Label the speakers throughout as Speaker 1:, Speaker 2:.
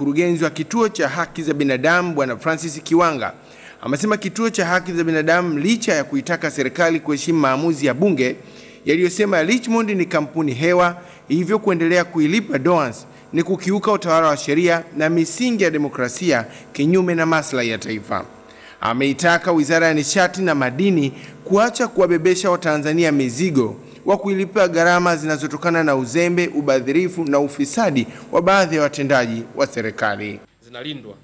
Speaker 1: Mkurugenzi wa kituo cha haki za binadamu Bwana Francis Kiwanga amesema kituo cha haki za binadamu licha ya kuitaka serikali kuheshimu maamuzi ya bunge yaliyosema Richmond ni kampuni hewa, hivyo kuendelea kuilipa Doans ni kukiuka utawala wa sheria na misingi ya demokrasia kinyume na maslahi ya taifa. Ameitaka Wizara ya Nishati na Madini kuacha kuwabebesha Watanzania mizigo wa kuilipa gharama zinazotokana na uzembe, ubadhirifu na ufisadi wa baadhi ya watendaji wa serikali.
Speaker 2: Zinalindwa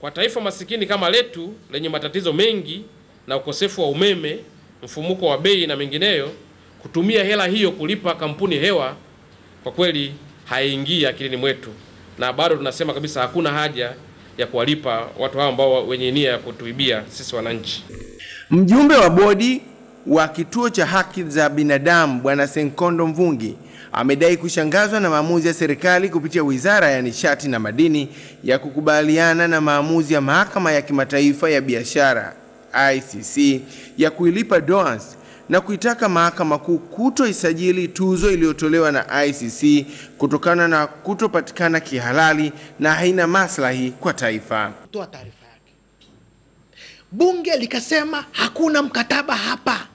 Speaker 2: kwa taifa masikini kama letu lenye matatizo mengi na ukosefu wa umeme, mfumuko wa bei na mengineyo, kutumia hela hiyo kulipa kampuni hewa, kwa kweli haingii akilini mwetu, na bado tunasema kabisa hakuna haja ya kuwalipa watu hao ambao wenye nia ya kutuibia sisi wananchi.
Speaker 1: Mjumbe wa bodi wa kituo cha haki za binadamu Bwana Senkondo Mvungi amedai kushangazwa na maamuzi ya serikali kupitia Wizara ya Nishati na Madini ya kukubaliana na maamuzi ya Mahakama ya Kimataifa ya Biashara ICC ya kuilipa Doans na kuitaka Mahakama Kuu kutoisajili tuzo iliyotolewa na ICC kutokana na kutopatikana kihalali na haina maslahi kwa taifa.
Speaker 3: Bunge likasema hakuna mkataba hapa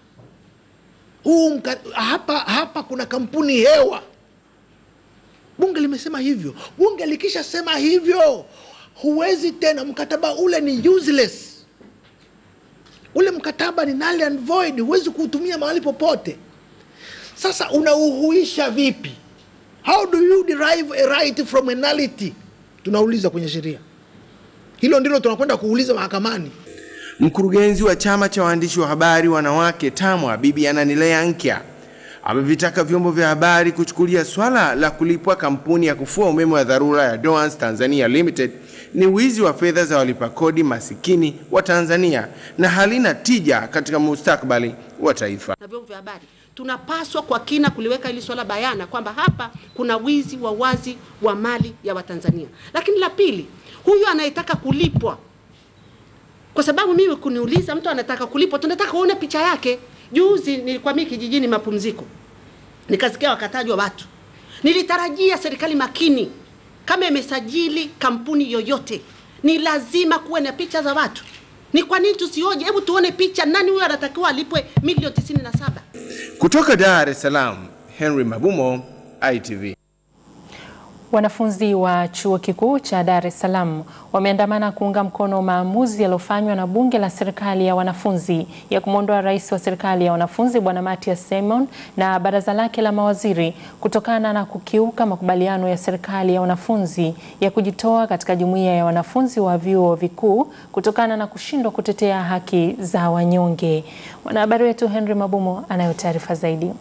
Speaker 3: huu hapa, hapa kuna kampuni hewa. Bunge limesema hivyo. Bunge likishasema hivyo, huwezi tena, mkataba ule ni useless. Ule mkataba ni null and void, huwezi kuutumia mahali popote. Sasa unauhuisha vipi? How do you derive a right from a nullity? Tunauliza kwenye sheria, hilo ndilo tunakwenda kuuliza mahakamani.
Speaker 1: Mkurugenzi wa chama cha waandishi wa habari wanawake TAMWA Bibi Ananilea Nkya amevitaka vyombo vya habari kuchukulia swala la kulipwa kampuni ya kufua umeme wa dharura ya Doans Tanzania Limited ni wizi wa fedha za walipa kodi masikini wa Tanzania na halina tija katika mustakabali wa taifa.
Speaker 4: Na vyombo vya habari tunapaswa kwa kina kuliweka hili swala bayana kwamba hapa kuna wizi wa wazi wa mali ya Watanzania. Lakini la pili, huyu anayetaka kulipwa kwa sababu mimi kuniuliza, mtu anataka kulipwa, tunataka uone picha yake. Juzi nilikuwa mimi kijijini mapumziko, nikasikia wakatajwa watu. Nilitarajia serikali makini, kama imesajili kampuni yoyote, ni lazima kuwe na picha za watu. Ni kwa nini tusioje? Hebu tuone picha, nani huyo anatakiwa alipwe milioni 97?
Speaker 1: Kutoka Dar es Salaam, Henry Mabumo, ITV.
Speaker 5: Wanafunzi wa Chuo Kikuu cha Dar es Salaam wameandamana kuunga mkono maamuzi yaliyofanywa na Bunge la Serikali ya Wanafunzi ya kumwondoa Rais wa Serikali ya Wanafunzi Bwana Mathias Simon na baraza lake la mawaziri kutokana na kukiuka makubaliano ya serikali ya wanafunzi ya kujitoa katika jumuiya ya wanafunzi wa vyuo vikuu kutokana na kushindwa kutetea haki za wanyonge. Mwanahabari wetu Henry Mabumo anayo taarifa zaidi.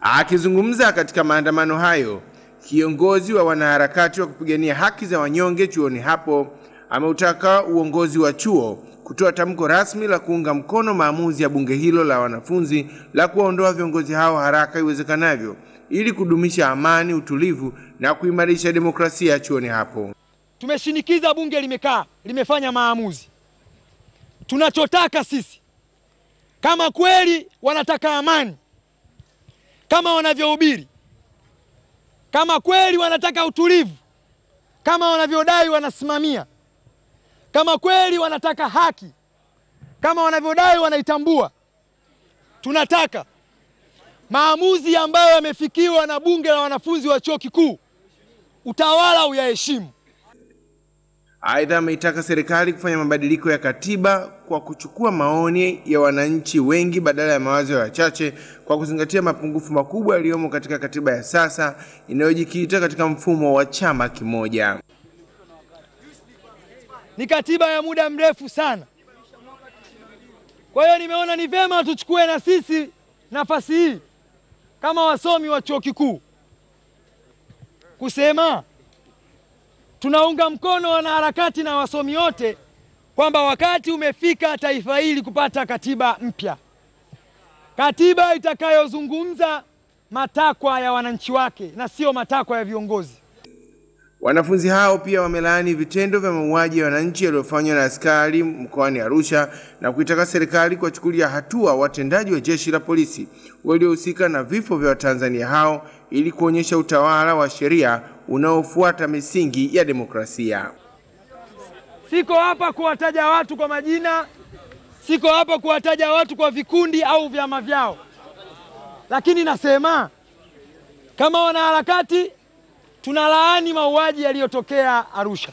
Speaker 1: Akizungumza katika maandamano hayo kiongozi wa wanaharakati wa kupigania haki za wanyonge chuoni hapo ameutaka uongozi wa chuo kutoa tamko rasmi la kuunga mkono maamuzi ya bunge hilo la wanafunzi la kuwaondoa viongozi hao haraka iwezekanavyo ili kudumisha amani, utulivu na kuimarisha demokrasia chuoni hapo.
Speaker 6: Tumeshinikiza, bunge limekaa, limefanya maamuzi. Tunachotaka sisi kama kweli wanataka amani kama wanavyohubiri kama kweli wanataka utulivu kama wanavyodai wanasimamia, kama kweli wanataka haki kama wanavyodai wanaitambua, tunataka maamuzi ambayo yamefikiwa na Bunge la wanafunzi wa chuo kikuu, utawala uyaheshimu.
Speaker 1: Aidha, ameitaka serikali kufanya mabadiliko ya katiba kwa kuchukua maoni ya wananchi wengi badala ya mawazo ya wachache, kwa kuzingatia mapungufu makubwa yaliyomo katika katiba ya sasa inayojikita katika mfumo wa chama kimoja.
Speaker 6: Ni katiba ya muda mrefu sana, kwa hiyo nimeona ni vyema tuchukue na sisi nafasi hii kama wasomi wa chuo kikuu kusema Tunaunga mkono wanaharakati na wasomi wote kwamba wakati umefika taifa hili kupata katiba mpya, katiba itakayozungumza matakwa ya wananchi wake na sio matakwa ya viongozi.
Speaker 1: Wanafunzi hao pia wamelaani vitendo vya mauaji ya wananchi yaliyofanywa na askari mkoani Arusha na kuitaka serikali kuwachukulia hatua watendaji wa jeshi la polisi waliohusika na vifo vya Watanzania hao ili kuonyesha utawala wa sheria unaofuata misingi ya demokrasia.
Speaker 6: Siko hapa kuwataja watu kwa majina, siko hapa kuwataja watu kwa vikundi au vyama vyao, lakini nasema kama wanaharakati Tunalaani mauaji yaliyotokea Arusha.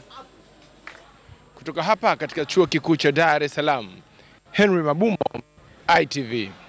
Speaker 1: Kutoka hapa katika chuo kikuu cha Dar es Salaam, Henry mabumo ITV.